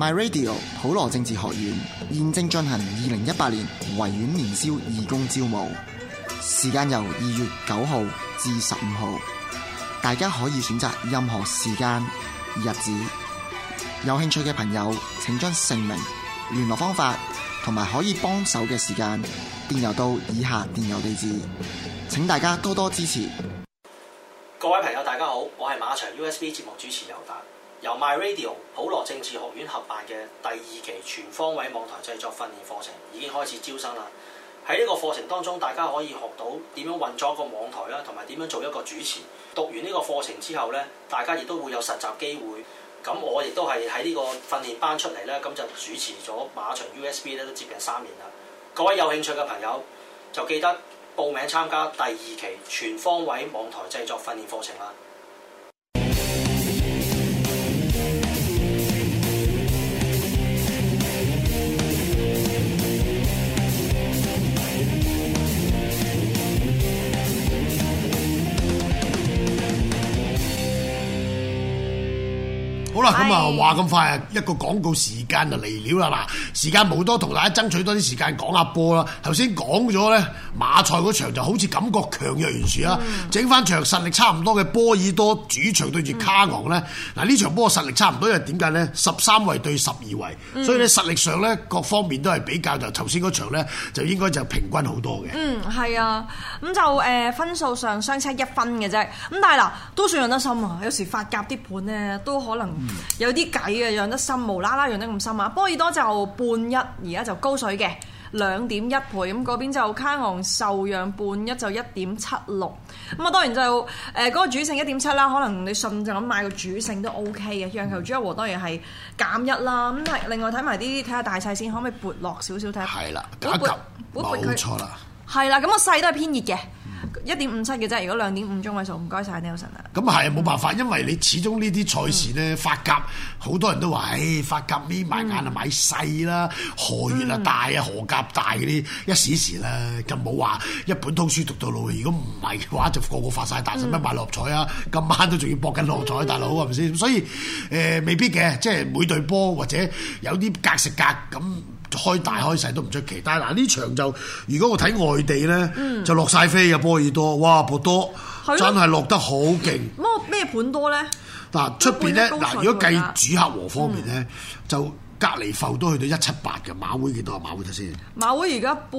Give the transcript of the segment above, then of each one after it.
My Radio 普羅政治學院現正進行二零一八年維園年宵義工招募，時間由二月九號至十五號，大家可以選擇任何時間日子。有興趣嘅朋友，請將姓名、聯絡方法同埋可以幫手嘅時間電郵到以下電郵地址，請大家多多支持。各位朋友，大家好，我係馬場 USB 節目主持人尤達。由 MyRadio 普羅政治學院合辦嘅第二期全方位網台製作訓練課程已經開始招生啦！喺呢個課程當中，大家可以學到點樣運作一個網台啦，同埋點樣做一個主持。讀完呢個課程之後咧，大家亦都會有實習機會。咁我亦都係喺呢個訓練班出嚟咧，咁就主持咗馬場 USB 咧都接近三年啦。各位有興趣嘅朋友，就記得報名參加第二期全方位網台製作訓練課程啦！好啦，咁啊唉話咁快啊，一個廣告時間就嚟了啦！嗱，時間冇多，同大家爭取多啲時間講下波啦。頭先講咗咧，馬賽嗰場就好似感覺強弱懸殊啊。嗯、整翻場實力差唔多嘅波爾多主場對住卡昂咧，嗱呢、嗯、場波實力差唔多，因為點解咧？十三位對十二位，嗯、所以咧實力上咧各方面都係比較就頭先嗰場咧，就應該就平均好多嘅。嗯，係啊，咁就誒、呃、分數上相差一分嘅啫。咁但係嗱，都算用得心啊。有時發夾啲盤咧，都可能。嗯有啲計嘅，讓得深，無啦啦讓得咁深啊！波爾多就半一，而家就高水嘅，兩點一倍咁嗰邊就卡昂受讓半一就一點七六，咁啊當然就誒嗰、呃嗰個主勝一點七啦，可能你順就咁買個主勝都 OK 嘅。讓球主和當然係減一啦。咁係另外睇埋啲睇下大細先，可唔可以撥落少少睇？係啦，撥撥，冇錯啦。係啦，咁個細都係偏熱嘅。一點五七嘅啫，如果兩點五中位數，唔該曬 Nelson 啊！咁係冇辦法，因為你始終呢啲賽事咧發夾，好多人都話：唉、哎，發夾咪埋眼，啊、嗯，買細啦，荷葉啊大啊，荷夾大嗰啲一時時啦。咁冇話一本通書讀到老。如果唔係嘅話，就個個發晒大，使乜、嗯、買六合彩啊？今晚都仲要搏緊六合彩，大佬係咪先？嗯、所以誒、呃，未必嘅，即係每隊波或者有啲格食格。咁。開大開細都唔出奇，但係嗱呢場就，如果我睇外地咧，就落晒飛嘅波爾多，哇，博多真係落得好勁。麼咩盤多咧？嗱出邊咧嗱，如果計主客和方面咧，就隔離浮都去到一七八嘅，馬會幾多啊？馬會睇先。馬會而家半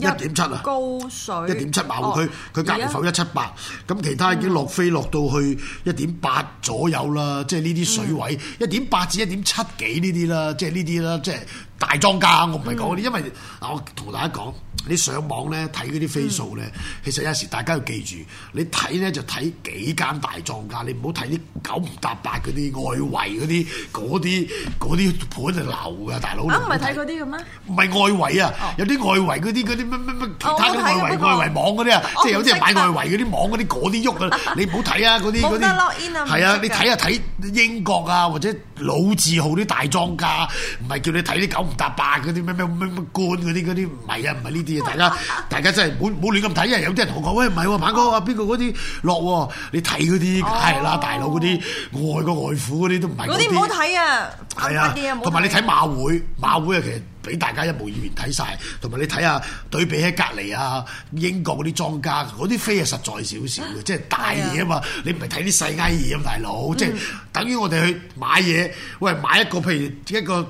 一高水，一點七啊。高水一點七馬會區，佢隔離浮一七八，咁其他已經落飛落到去一點八左右啦，即係呢啲水位，一點八至一點七幾呢啲啦，即係呢啲啦，即係。大莊家，我唔係講嗰啲，因為嗱，我同大家講，你上網咧睇嗰啲飛數咧，其實有時大家要記住，你睇咧就睇幾間大莊家，你唔好睇啲九唔搭八嗰啲外圍嗰啲，嗰啲嗰啲盤就流㗎，大佬。啊，唔係睇嗰啲嘅咩？唔係外圍啊，有啲外圍嗰啲啲乜乜乜其他外圍外圍網嗰啲啊，即係有啲人買外圍嗰啲網嗰啲嗰啲喐啊，你唔好睇啊嗰啲啲。冇係啊，你睇下睇英國啊，或者老字號啲大莊家，唔係叫你睇啲九搭八嗰啲，咩咩咩咩冠嗰啲啲，唔係啊，唔係呢啲嘢。大家、啊啊啊、大家真係冇冇亂咁睇啊，有啲人同我講，喂，唔係喎鵬哥啊，邊個嗰啲落喎，你睇嗰啲係啦大佬，嗰啲外國外父嗰啲都唔係，嗰啲唔好睇啊，係啊，同埋你睇馬會、啊、馬會啊，其實俾大家一目了然睇晒。同埋你睇下對比喺隔離啊，英國嗰啲莊家嗰啲飛係實在少少嘅，即係大嘢啊嘛，你唔係睇啲細閪嘢啊大佬，即係等於我哋去買嘢，喂，買一個譬如一個。一個一個一個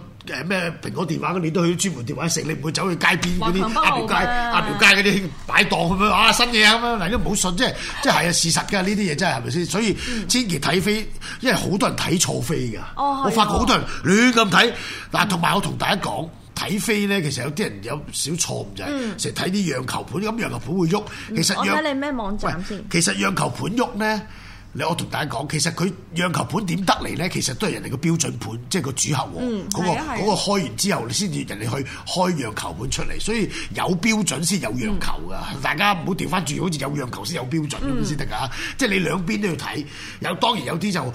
咩蘋果電話你啲都去專門電話食，你唔會走去街邊嗰啲阿條街、阿條街嗰啲擺檔，咁咪啊新嘢咁樣嗱，你唔好信，即係即係係事實㗎，呢啲嘢真係係咪先？所以千祈睇飛，嗯、因為好多人睇錯飛㗎。哦、我發覺好多人亂咁睇，嗱同埋我同大家講睇飛咧，其實有啲人有唔少錯誤就係成日睇啲讓球盤，咁讓球盤會喐。其實我睇你咩網站先？其實讓球盤喐咧。你我同大家講，其實佢讓球盤點得嚟咧？其實都係人哋個標準盤，即係個主客喎。嗰個開完之後，你先至人哋去開讓球盤出嚟。所以有標準先有讓球噶。大家唔好調翻轉，好似有讓球先有標準咁先得㗎。即係你兩邊都要睇。有當然有啲就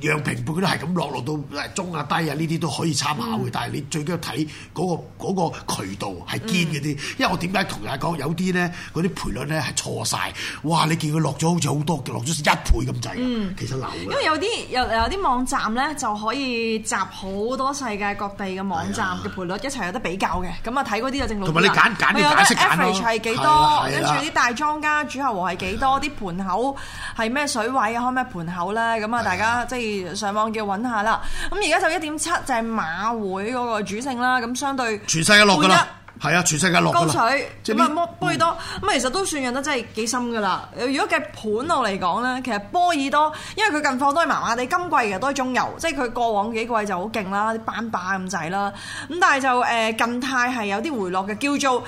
讓平盤嗰啲係咁落落到中啊低啊呢啲都可以參考嘅。但係你最緊要睇嗰個渠道係堅嗰啲。因為我點解同大家講，有啲咧嗰啲賠率咧係錯晒。哇！你見佢落咗好似好多，落咗一倍咁。嗯，其實流因為有啲有有啲網站咧就可以集好多世界各地嘅網站嘅賠率一齊有得比較嘅，咁啊睇嗰啲就正路。同埋你揀揀有得揀啊。係幾多？跟住啲大莊家主客和係幾多？啲的盤口係咩水位啊？開咩盤口咧？咁啊的，大家即係上網叫揾下啦。咁而家就一點七，就係馬會嗰個主勝啦。咁相對全世一落㗎啦。係啊，全世界落高水。咁啊波波爾多，咁、嗯、其實都算印得真係幾深㗎啦。如果計盤路嚟講咧，其實波爾多，因為佢近況都係麻麻地，今季其實都係中遊，即係佢過往幾季就好勁啦，啲班霸咁滯啦。咁但係就誒近態係有啲回落嘅，叫做。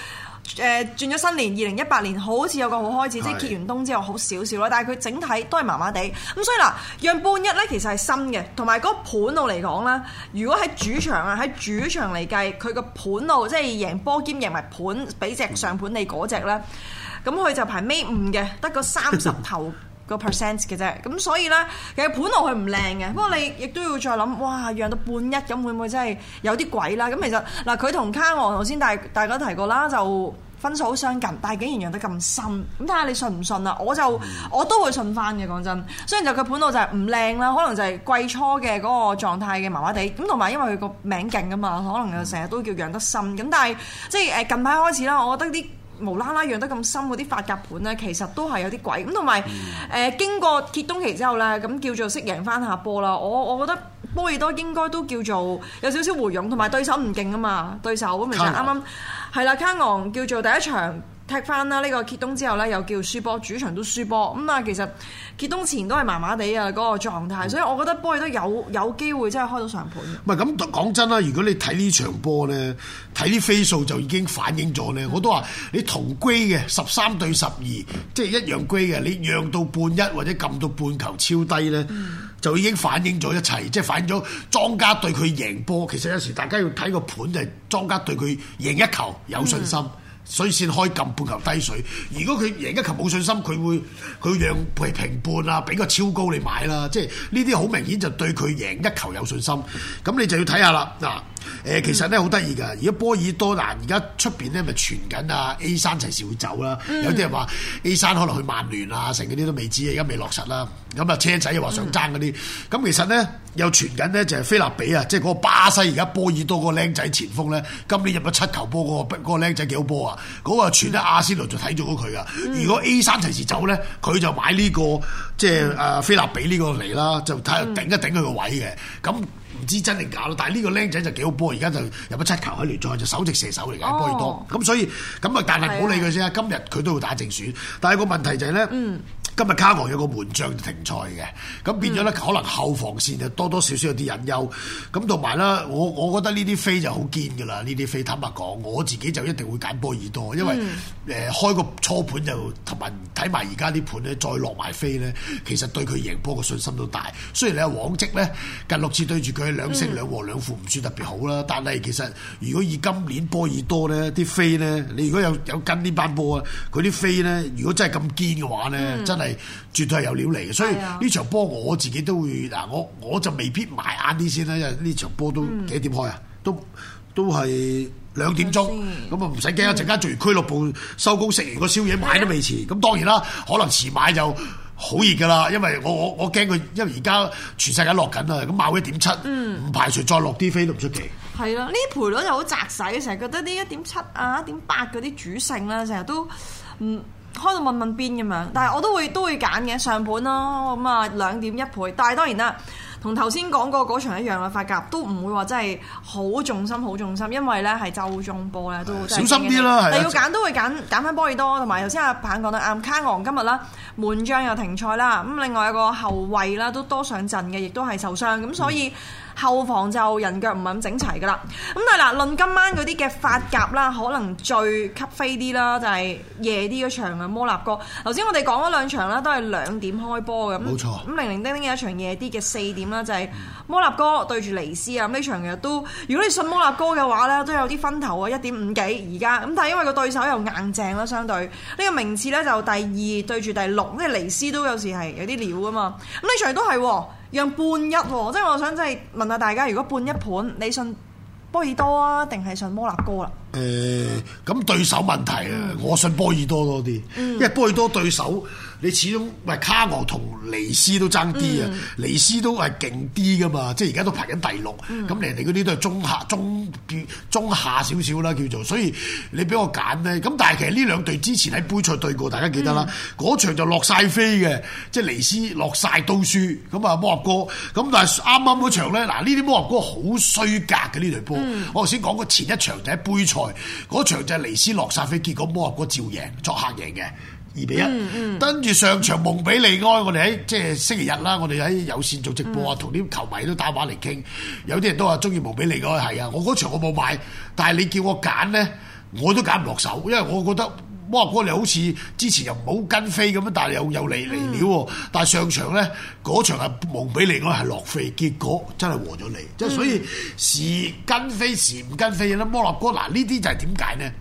誒轉咗新年，二零一八年好似有個好開始，即係結完冬之後好少少啦。但係佢整體都係麻麻地咁，所以嗱，讓半一呢其實係新嘅，同埋嗰盤度嚟講啦。如果喺主場啊，喺主場嚟計，佢個盤度即係贏波兼贏埋盤，畀隻上盤你嗰隻咧，咁佢就排尾五嘅，得個三十頭。個 percent 嘅啫，咁所以咧，其實盤路係唔靚嘅。不過你亦都要再諗，哇，養到半一咁會唔會真係有啲鬼啦？咁其實嗱，佢同卡王頭先大大家都提過啦，就分數好相近，但係竟然養得咁深，咁睇下你信唔信啊？我就我都會信翻嘅，講真。雖然就佢盤路就係唔靚啦，可能就係季初嘅嗰個狀態嘅麻麻地，咁同埋因為佢個名勁噶嘛，可能又成日都叫養得深。咁但係即係誒近排開始啦，我覺得啲。無啦啦養得咁深嗰啲法甲盤咧，其實都係有啲鬼咁，同埋誒經過歇冬期之後咧，咁叫做識贏翻下波啦。我我覺得波爾多應該都叫做有少少回勇，同埋對手唔勁啊嘛，對手咁咪啱啱係啦，卡昂叫做第一場。踢翻啦！呢個揭東之後呢，又叫輸波，主場都輸波咁啊！其實揭東前都係麻麻地啊，嗰、那個狀態，嗯、所以我覺得波佢都有有機會真係開到上盤。唔係，咁講真啦，如果你睇呢場波呢，睇啲飛數就已經反映咗呢。我都話你同歸嘅十三對十二，即係一樣歸嘅，你讓到半一或者撳到半球超低呢，就已經反映咗一齊，即係反映咗莊家對佢贏波。其實有時大家要睇個盤就係、是、莊家對佢贏一球有信心。嗯水線開近半球低水。如果佢贏一球冇信心，佢會佢讓平半啦，俾個超高你買啦。即係呢啲好明顯就對佢贏一球有信心。咁你就要睇下啦，嗱。誒，嗯、其實咧好得意噶，而家波爾多蘭，而家出邊咧咪傳緊啊？A 三隨時會走啦，嗯、有啲人話 A 三可能去曼聯啊，成嗰啲都未知，啊，而家未落實啦。咁啊，車仔又話想爭嗰啲，咁、嗯、其實咧又傳緊咧就係、是、菲立比啊，即係嗰個巴西而家波爾多嗰個僆仔前鋒咧，今年入咗七球波、那個，嗰、那個、那個僆仔幾好波啊！嗰個傳得阿仙奴就睇咗佢啊。嗯、如果 A 三隨時走咧，佢就買呢、這個即係阿菲立比呢個嚟啦，就睇下頂一頂佢個位嘅。咁、嗯嗯唔知真定假咯，但係呢個僆仔就幾好波，而家就入咗七球，喺聯賽就首席射手嚟嘅，波爾多。咁所以咁啊，但係唔好理佢先啦。是的 今日佢都要打正選，但係個問題就係、是、咧。嗯今日卡昂有個門將停賽嘅，咁變咗咧可能後防線就多多少少有啲隱憂。咁同埋啦，我我覺得呢啲飛就好堅㗎啦。呢啲飛坦白講，我自己就一定會揀波爾多，因為誒、嗯呃、開個初盤就同埋睇埋而家啲盤咧，再落埋飛咧，其實對佢贏波個信心都大。雖然你話往績咧，近六次對住佢兩勝兩和兩負，唔算特別好啦。但係其實如果以今年波爾多咧啲飛咧，你如果有有跟呢班波啊，佢啲飛咧，如果真係咁堅嘅話咧，真係、嗯、～絕對係有料嚟嘅。所以呢場波我自己都會嗱，我我就未必買晏啲先啦，因為呢場波都幾點開啊？嗯、都都係兩點鐘，咁啊唔使驚啊！陣間、嗯、做完俱樂部收工，食完個宵夜買都未遲。咁、嗯、當然啦，可能遲買就好熱噶啦，因為我我我驚佢，因為而家全世界落緊啊，咁冒、嗯、一點七，唔排除再落啲飛都唔出奇。係咯，呢賠率又好窄使，成日覺得呢一點七啊、一點八嗰啲主勝咧，成日都唔。開到問問邊咁樣，但係我都會都會揀嘅上盤咯，咁啊兩點一倍。但係當然啦，同頭先講過嗰場一樣嘅，法甲都唔會話真係好重心，好重心，因為咧係周中波咧都小心啲啦，你要揀都會揀揀翻波爾多，同埋頭先阿鵬講到啱卡昂今日啦門將又停賽啦，咁另外一個後衞啦都多上陣嘅，亦都係受傷，咁所以。嗯後防就人腳唔係咁整齊噶啦，咁但係嗱，論今晚嗰啲嘅發夾啦，可能最吸飛啲啦，就係夜啲嗰場嘅摩納哥。頭先我哋講咗兩場啦，都係兩點開波嘅，冇錯。咁零零丁丁嘅一場夜啲嘅四點啦，就係摩納哥對住尼斯啊。咁呢場其實都，如果你信摩納哥嘅話咧，都有啲分頭啊，一點五幾而家。咁但係因為個對,對手又硬正啦，相對呢個名次咧就第二對住第六，因為尼斯都有時係有啲料啊嘛。咁呢場都係。讓半一喎，即係我想即係問下大家，如果半一盤，你信波爾多啊，定係信摩納哥啊？誒咁、呃、對手問題啊，嗯、我信波爾多多啲，嗯、因為波爾多對手你始終喂卡昂同尼斯都爭啲啊，嗯、尼斯都係勁啲噶嘛，即係而家都排緊第六，咁嚟，人哋啲都係中下中中下少少啦叫做，所以你俾我揀咧，咁但係其實呢兩隊之前喺杯賽對過，大家記得啦，嗯、嗰場就落晒飛嘅，即係尼斯落晒刀輸，咁啊摩合哥，咁但係啱啱場場咧，嗱呢啲摩合哥好衰格嘅呢隊波，嗯、我頭先講過前一場就喺杯賽。嗰場就係尼斯落殺飛，結果摩納哥照贏作客贏嘅二比一。跟住上場蒙比利埃，我哋喺即係星期日啦，我哋喺有線做直播啊，同啲球迷都打電話嚟傾。有啲人都話中意蒙比利埃，係啊，我嗰場我冇買，但係你叫我揀呢，我都揀唔落手，因為我覺得。 摩納哥你好似之前又唔好跟飛咁樣，但係又又嚟嚟了喎。嗯、但係上場咧，嗰場係冇俾你咯，係落飛，結果真係和咗你。即係、嗯、所以時跟飛時唔跟飛啦。摩納哥嗱，呢啲就係點解咧？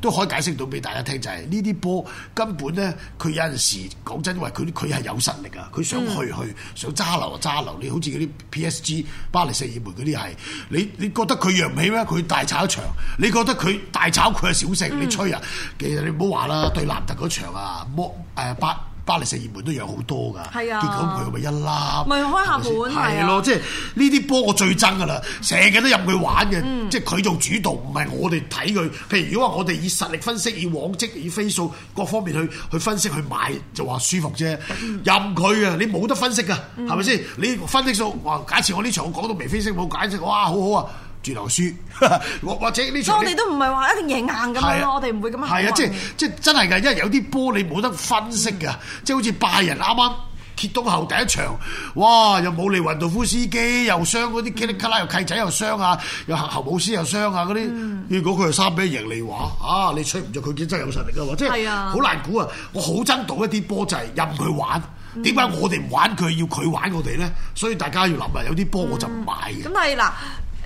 都可以解釋到俾大家聽，就係呢啲波根本咧，佢有陣時講真，因為，佢佢係有實力啊！佢想去去，想揸流揸流，你好似嗰啲 P.S.G. 巴黎聖日耳曼嗰啲係，你你覺得佢揚起咩？佢大炒一場，你覺得佢大炒佢係小食？你吹啊！嗯、其實你唔好話啦，對南特嗰場啊，摩誒八。呃巴黎四葉門都有好多噶，啊、結果佢咪一粒，咪開下門。係咯，即係呢啲波我最憎噶啦，成日都任佢玩嘅，嗯、即係佢做主導，唔係我哋睇佢。譬如如果話我哋以實力分析，以往績，以飛數各方面去去分析去買，就話舒服啫。嗯、任佢啊，你冇得分析噶，係咪先？嗯、你分析數話，假設我呢場我講到眉飛色舞解釋哇，哇，哇，好好啊！主流書， 或者呢我哋都唔係話一定贏硬咁是、啊、樣咯，我哋唔會咁樣。係啊，即係即係真係嘅，因為有啲波你冇得分析嘅，即係、嗯、好似拜仁啱啱揭東後第一場，哇！又冇利雲道夫斯基又傷，嗰啲基利卡拉又契仔又傷啊，又侯姆斯又傷啊，嗰啲。如果佢係三比一贏利華，啊！你吹唔着佢已經真係有實力啦嘛，即係好難估啊！我好憎賭一啲波就係任佢玩，點解、嗯、我哋唔玩佢，要佢玩我哋咧？所以大家要諗啊，有啲波我就唔買嘅。咁係嗱。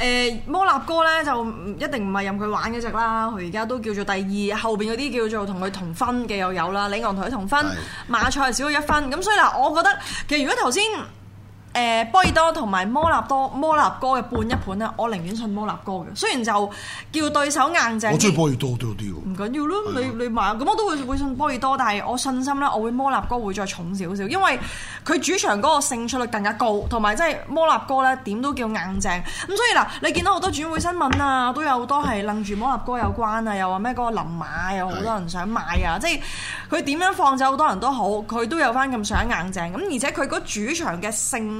誒、欸、摩納哥咧就唔一定唔係任佢玩嘅隻啦，佢而家都叫做第二，後邊嗰啲叫做同佢同分嘅又有啦，里昂同佢同分，是馬賽少咗一分，咁所以嗱，我覺得其實如果頭先。誒、波爾多同埋摩納多摩納哥，嘅半一盤呢，我寧願信摩納哥嘅。雖然就叫對手硬淨，我中意波爾多多啲喎。唔緊要咯，你你買，咁我都會會信波爾多，但係我信心呢，我會摩納哥會再重少少，因為佢主場嗰個勝出率更加高，同埋即係摩納哥呢點都叫硬淨。咁所以嗱，你見到好多轉會新聞啊，都有好多係諗住摩納哥有關啊，又話咩嗰個林馬又好多人想買啊，的即係佢點樣放走好多人都好，佢都有翻咁上硬淨。咁而且佢嗰主場嘅勝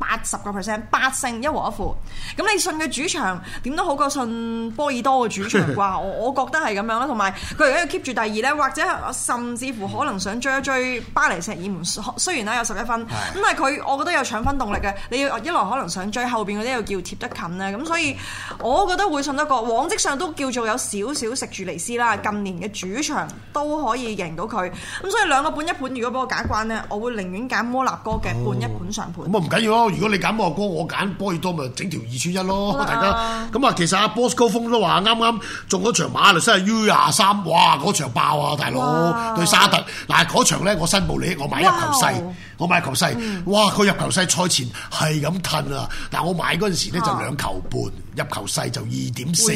八十個 percent 八勝一和一負，咁你信嘅主場點都好過信波爾多嘅主場啩， 我覺得係咁樣啦。同埋佢而家要 keep 住第二呢，或者甚至乎可能想追一追巴黎聖日耳門，雖然呢有十一分，咁的但係佢我覺得有搶分動力嘅。你要一來可能想追後邊嗰啲又叫貼得近呢。咁所以我覺得會信得過。往績上都叫做有少少食住尼斯啦，近年嘅主場都可以贏到佢。咁所以兩個半一盤，如果俾我揀關呢，我會寧願揀摩納哥嘅半一盤上盤。咁啊，唔緊要。嗯嗯嗯嗯如果你揀摩哥，我揀波爾多咪整條二串一咯，啊、大家咁啊，其實阿波斯高峯都話啱啱中咗場馬來西亞 U 廿三，哇！嗰場爆啊，大佬哇對沙特，嗱嗰場咧我申報你，我買一球勢，呦我買一球勢，哇！佢入球勢賽前係咁褪啊，但係我買嗰陣時咧就兩球半入、啊、球勢就二點四。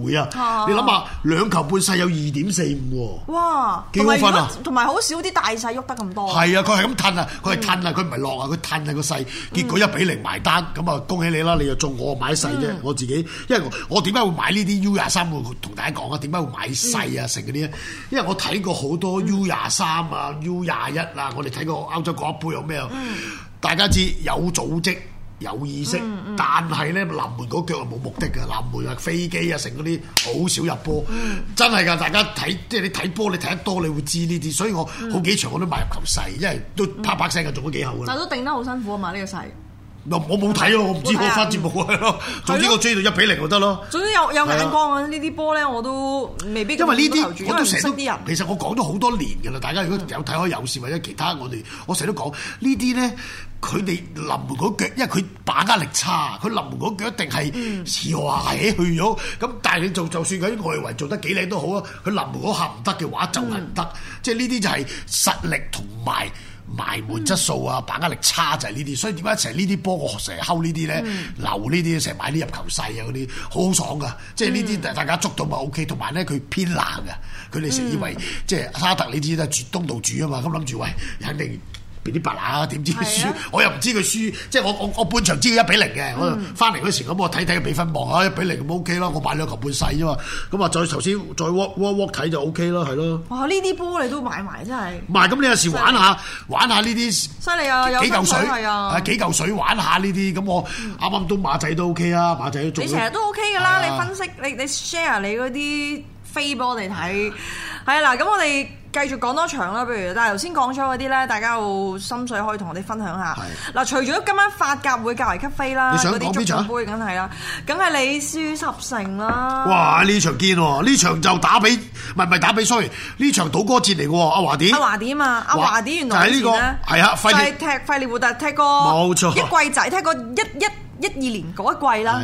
會啊！啊你諗下，兩球半細有二點四五喎。哇！幾好分啊！同埋好少啲大細喐得咁多。係啊，佢係咁褪啊，佢係褪啊，佢唔係落啊，佢褪啊個細。啊啊嗯、結果一比零埋單，咁啊恭喜你啦！你又中，我買細啫，嗯、我自己。因為我點解會買呢啲 U 廿三個同大家講啊？點解會買細啊？成嗰啲，因為我睇過好多 U 廿三啊、嗯、U 廿一啊，我哋睇過歐洲國家杯有咩啊，大家知，大家知有組織。有意識，嗯嗯、但係咧，臨門嗰腳係冇目的嘅。臨門啊，飛機啊，成嗰啲好少入波，嗯、真係㗎。大家睇即係你睇波，你睇得多，你會知呢啲。所以我好幾場我都買入球細，因為都啪啪聲嘅，做咗幾口。啦、嗯。但係都定得好辛苦啊，嘛，呢、嗯、個細。嗱，我冇睇哦，我唔知我翻節目去咯，總之我追到一比零就得咯。總之有有眼光啊！呢啲波咧我都未必咁都投注，因為實力。我都都人其實我講咗好多年㗎啦，大家如果有睇開有線或者其他我，我哋我成日都講呢啲咧，佢哋臨門嗰腳，因為佢把握力差，佢臨門嗰腳一定係蝕鞋去咗。咁、嗯、但係你就就算佢外圍做得幾靚都好啊，佢臨門嗰下唔得嘅話就係唔得。嗯、即係呢啲就係實力同埋。埋門質素啊，把握力差就係呢啲，所以點解成日呢啲波我成日睺呢啲咧，留呢啲成日買啲入球細啊嗰啲，好好爽噶。即係呢啲大家捉到咪 OK，同埋咧佢偏冷噶，佢哋成日以為即係沙特呢啲都係做東道主啊嘛，咁諗住喂肯定。邊啲白拿啊？點知佢輸？我又唔知佢輸，即係我我我半場知佢一比零嘅，我就翻嚟嗰時咁，我睇睇個比分望啊一比零咁 OK 啦，我買兩球半細啫嘛，咁啊再頭先再喎喎喎睇就 OK 啦，係咯。哇！呢啲波你都買埋真係。唔係，咁你有時玩下，玩下呢啲。犀利啊！有幾嚿水係啊，幾嚿水玩下呢啲咁我啱啱都馬仔都 OK 啊，馬仔都做。你成日都 OK 㗎啦，你分析你 share 你嗰啲飛波嚟睇，係啊嗱，咁我哋。繼續講多場啦，不如但係頭先講咗嗰啲咧，大家有心水可以同我哋分享下。嗱，除咗今晚法甲會較為吸飛啦，嗰啲足總杯梗係啦，梗係你輸十成啦。哇！呢場見喎、哦，呢場就打比唔係唔係打比衰，呢場賭歌節嚟喎，阿、啊、華啲。阿、啊、華啲啊嘛，阿哇、啊、華啲原來以前咧，係、這個、啊，費力踢費力活，但踢過，冇錯，一季仔踢過一一。一一二年嗰一季啦，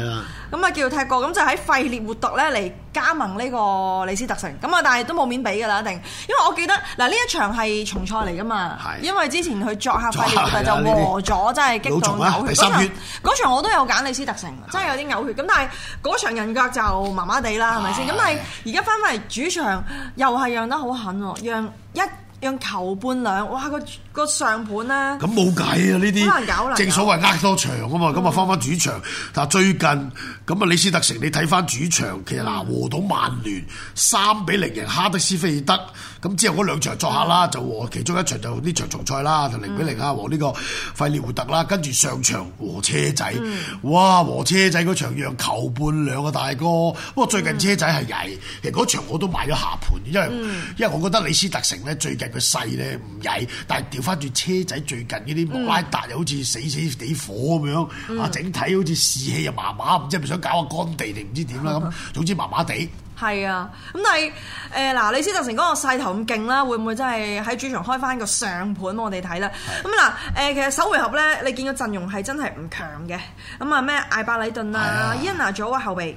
咁啊叫踢過咁就喺費列活特咧嚟加盟呢個李斯特城，咁啊但係都冇面俾噶啦，一定，因為我記得嗱呢一場係重賽嚟噶嘛，因為之前佢作客費列活特就和咗，真係激到嘔血嗰場，嗰場我都有揀李斯特城，真係有啲嘔血，咁但係嗰場人腳就麻麻地啦，係咪先？咁但係而家返返嚟主場又係讓得好狠，讓一。讓球半兩，哇！個、那個上盤咧，咁冇計啊！呢啲難搞，正所謂呃多場啊嘛，咁啊翻翻主場。嗱、嗯，但最近咁啊，李斯特城你睇翻主場，其實嗱，和到曼聯三比零贏哈德斯菲爾德，咁之後嗰兩場作客啦，就和其中一場就呢場重賽啦，就零比零啊和呢個費列胡特啦，跟住上場和車仔，嗯、哇！和車仔嗰場讓球半兩啊大哥，不過最近車仔係曳，嗯、其實嗰場我都買咗下盤，因為因為我覺得李斯特城咧最近。個勢咧唔曳，但係調翻住車仔最近呢啲莫拉達又好似死死地火咁樣，啊、嗯嗯、整體好似士氣又麻麻，唔知係咪想搞下乾地定唔知點啦咁，總之麻麻地。係啊，咁但係誒嗱，李斯特城嗰個勢頭咁勁啦，會唔會真係喺主場開翻個上盤我哋睇啦？咁嗱誒，其實首回合咧，你見個陣容係真係唔強嘅，咁啊咩艾伯里頓啊、伊恩是啊娜組啊後備，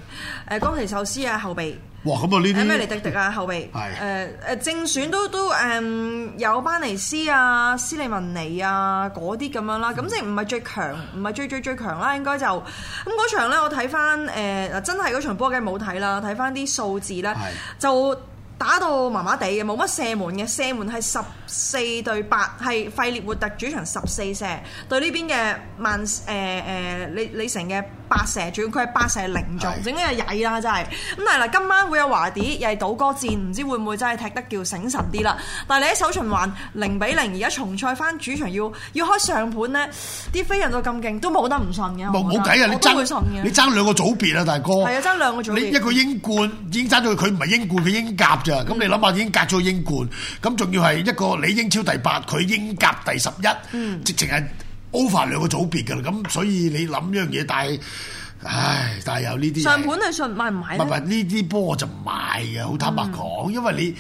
誒岡崎慎司啊後備。哇，咁啊呢啲咩嚟？迪迪啊，後備，誒誒是的、呃、正選都都誒、呃、有班尼斯啊、斯利文尼啊嗰啲咁樣啦，咁即係唔係最強，唔係最最最強啦，應該就咁嗰場咧，我睇翻誒真係嗰場波梗係冇睇啦，睇翻啲數字咧是的 就打到麻麻地嘅，冇乜射門嘅，射門係十。四對八，係費列活特主場十四射，對呢邊嘅萬誒誒李李城嘅八射，主要佢係八射零中，整啲嘢曳啦真係。咁嚟啦，今晚會有華迪，又係賭哥戰，唔知會唔會真係踢得叫醒神啲啦？但係你喺首循環零比零，而家重賽翻主場要要開上盤咧，啲飛人到咁勁，都冇得唔信嘅。冇冇計啊！你爭，你爭兩個組別啊，大哥。係啊，爭兩個組別。你一個英冠已經爭咗佢唔係英冠，佢英甲咋？咁你諗下，已經隔咗英冠，咁仲要係一個。你英超第八，佢英甲第十一，嗯、直情係 over 兩個組別噶啦㗎，咁所以你諗呢樣嘢，但係，唉，但係有買買呢啲。上盤你信，買唔買？唔係呢啲波我就唔買嘅，好坦白講，嗯、因為你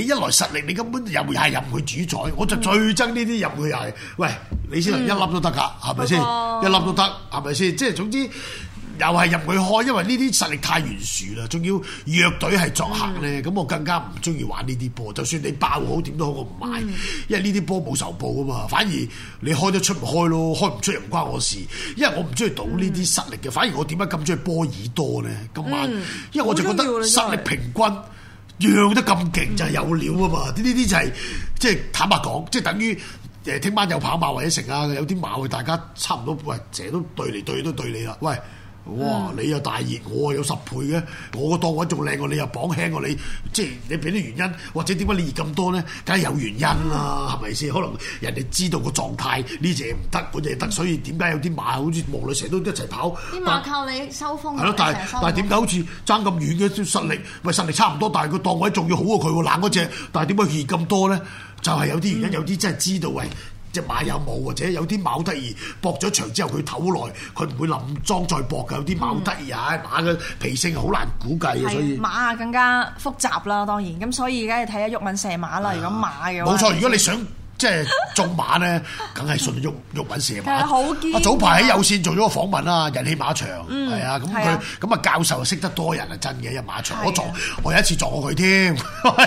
你一來實力你根本入唔係入去主宰。嗯、我就最憎呢啲入唔去係。喂，你先倫、嗯、一粒都得㗎，係咪先？吧一粒都得係咪先？即係總之。又係任佢開，因為呢啲實力太懸殊啦，仲要弱隊係作客咧，咁、嗯、我更加唔中意玩呢啲波。就算你爆好點都好，我唔買，嗯、因為呢啲波冇仇報啊嘛。反而你開都出唔開咯，開唔出又唔關我事。因為我唔中意賭呢啲實力嘅，嗯、反而我點解咁中意波爾多咧？今晚，嗯、因為我就覺得實力平均，嗯、是讓得咁勁就係、是、有料啊嘛。呢啲、嗯、就係即係坦白講，即係等於誒聽晚有跑馬或者成啊，有啲馬會大家差唔多喂，成日都對嚟對都對你啦，喂。喂。哇！你又大熱，我啊有十倍嘅，我個檔位仲靚過你，又磅輕過、啊、你，即係你俾啲原因，或者點解你熱咁多咧？梗係有原因啦，係咪先？可能人哋知道個狀態呢隻唔得，嗰、這、隻、個、得，所以點解有啲馬好似無論成日都一齊跑？啲馬、嗯、但靠你收風，係咯，但係但係點解好似爭咁遠嘅啲實力，咪實力差唔多，但係個檔位仲要好過、啊、佢冷嗰隻，但係點解熱咁多咧？就係、是、有啲原因，嗯、有啲真係知道嘅。隻馬有冇或者有啲卯得意，搏咗場之後佢唞耐，佢唔會臨裝再搏嘅。有啲卯得意，唉、嗯，馬嘅脾性好難估計，嗯、所以馬更加複雜啦。當然，咁所以而家你睇下玉文射馬啦。哎、呀如果馬嘅冇錯，如果你想。即係中馬咧，梗係順喐喐揾射馬。啊、嗯！早排喺有線做咗個訪問啊，人氣馬場。嗯，啊，咁佢咁啊教授識得多人啊，真嘅因為馬場。是啊、我撞，我有一次撞過佢添，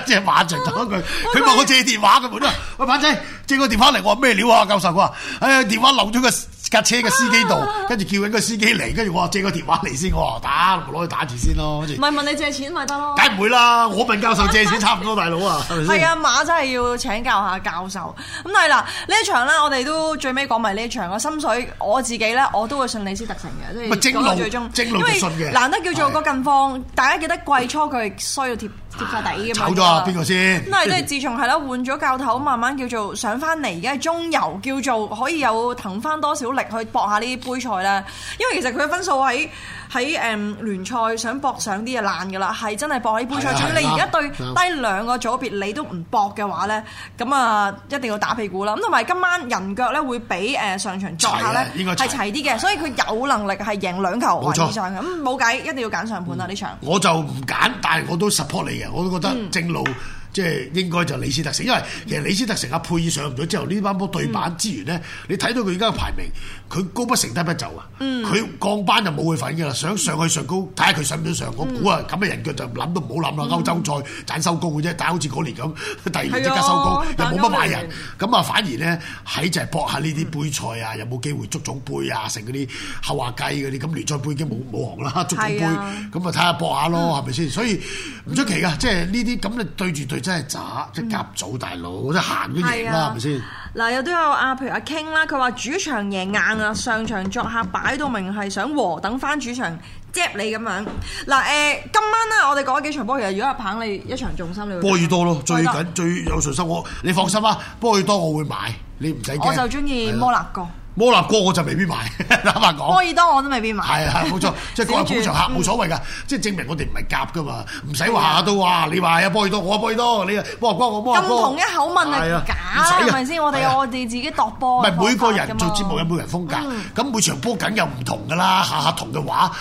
即 係馬場撞佢。佢問我借電話，佢冇得。哎、喂，鵬仔借個電話嚟，我話咩料啊？教授佢話，哎呀，電話漏咗個。架車嘅司機度，跟住、啊、叫緊個司機嚟，跟住我話借個電話嚟先，我話打攞去打住先咯。唔係問你借錢咪得咯？梗唔會啦，我問教授借錢差唔多大，大佬啊，係啊，馬真係要請教下教授。咁係啦，一場呢場咧我哋都最尾講埋呢場。我心水我自己咧，我都會信李斯特城嘅，即係講到最終，精鋭嚟信嘅。難得叫做個近況，的大家記得季初佢衰到貼貼晒地啊嘛。炒咗邊個先？咁即係自從係啦，換咗教頭，慢慢叫做上翻嚟，而家係中游，叫做可以有騰翻多少力。去搏下呢啲杯賽啦，因為其實佢嘅分數喺喺誒聯賽想搏上啲就爛噶啦，係真係搏喺杯賽。如果、啊、你而家對、啊、低兩個組別、啊、你都唔搏嘅話咧，咁啊一定要打屁股啦。咁同埋今晚人腳咧會比誒上場作下咧係齊啲嘅，所以佢有能力係贏兩球以上嘅。咁冇計，一定要揀上盤啊！呢、嗯、場我就唔揀，但係我都 support 你嘅，我都覺得正路。嗯即係應該就李斯特城，因為其實李斯特城阿佩爾上咗之後，呢班波對板資源呢，你睇到佢而家嘅排名，佢高不成低不就啊！佢降班就冇佢份㗎啦。想上去上高，睇下佢上唔上？我估啊，咁嘅人腳就諗都唔好諗啦。歐洲賽賺收工嘅啫，但係好似嗰年咁，第二年即刻收工，又冇乜買人，咁啊反而呢，喺就係搏下呢啲杯賽啊，有冇機會足總盃啊？成嗰啲後話雞嗰啲，咁聯賽杯已經冇冇行啦，足總盃咁啊睇下搏下咯，係咪先？所以唔出奇㗎，即係呢啲咁嘅對住對。真係渣，即係夾組、嗯、大佬，即係行啲嘢啦，係咪先？嗱，又都有阿、啊、譬如阿傾啦，佢話主場贏硬啊，上場作客擺到明係想和，等翻主場接你咁樣。嗱誒，今晚咧我哋講幾場波，其實如果阿鵬你一場重心了，你會波爾多咯，最緊、哦、最有信心，我、哦、你放心啊，波爾多我會買，你唔使驚。我就中意摩納哥對了。摩納哥我就未必買，坦白講。波爾多我都未必買。係 啊，冇錯，即係講下捧場客冇 所謂㗎，即係證明我哋唔係夾㗎嘛，唔使話下都話你話啊波爾多，我、啊、波爾多，你波啊波，我波咁同一口問㗎假係咪先？我哋我哋自己度波、啊。唔係每個人做節目有每個人風格，咁、嗯、每場波梗有唔同㗎啦，下下同嘅話。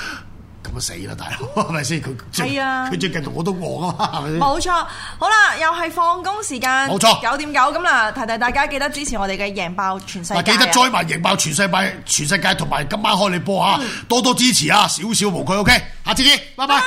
咁死啦，大佬，係咪先？佢，係啊，佢最近同我都餓啊，嘛，係咪？冇錯，好啦，又係放工時間，冇錯，九點九咁啦，提提大家記得支持我哋嘅贏爆全世界，記得災埋贏爆全世界，全世界同埋今晚開你波啊，嗯、多多支持啊，少少無佢。o、OK? k 下次見，拜拜。啊。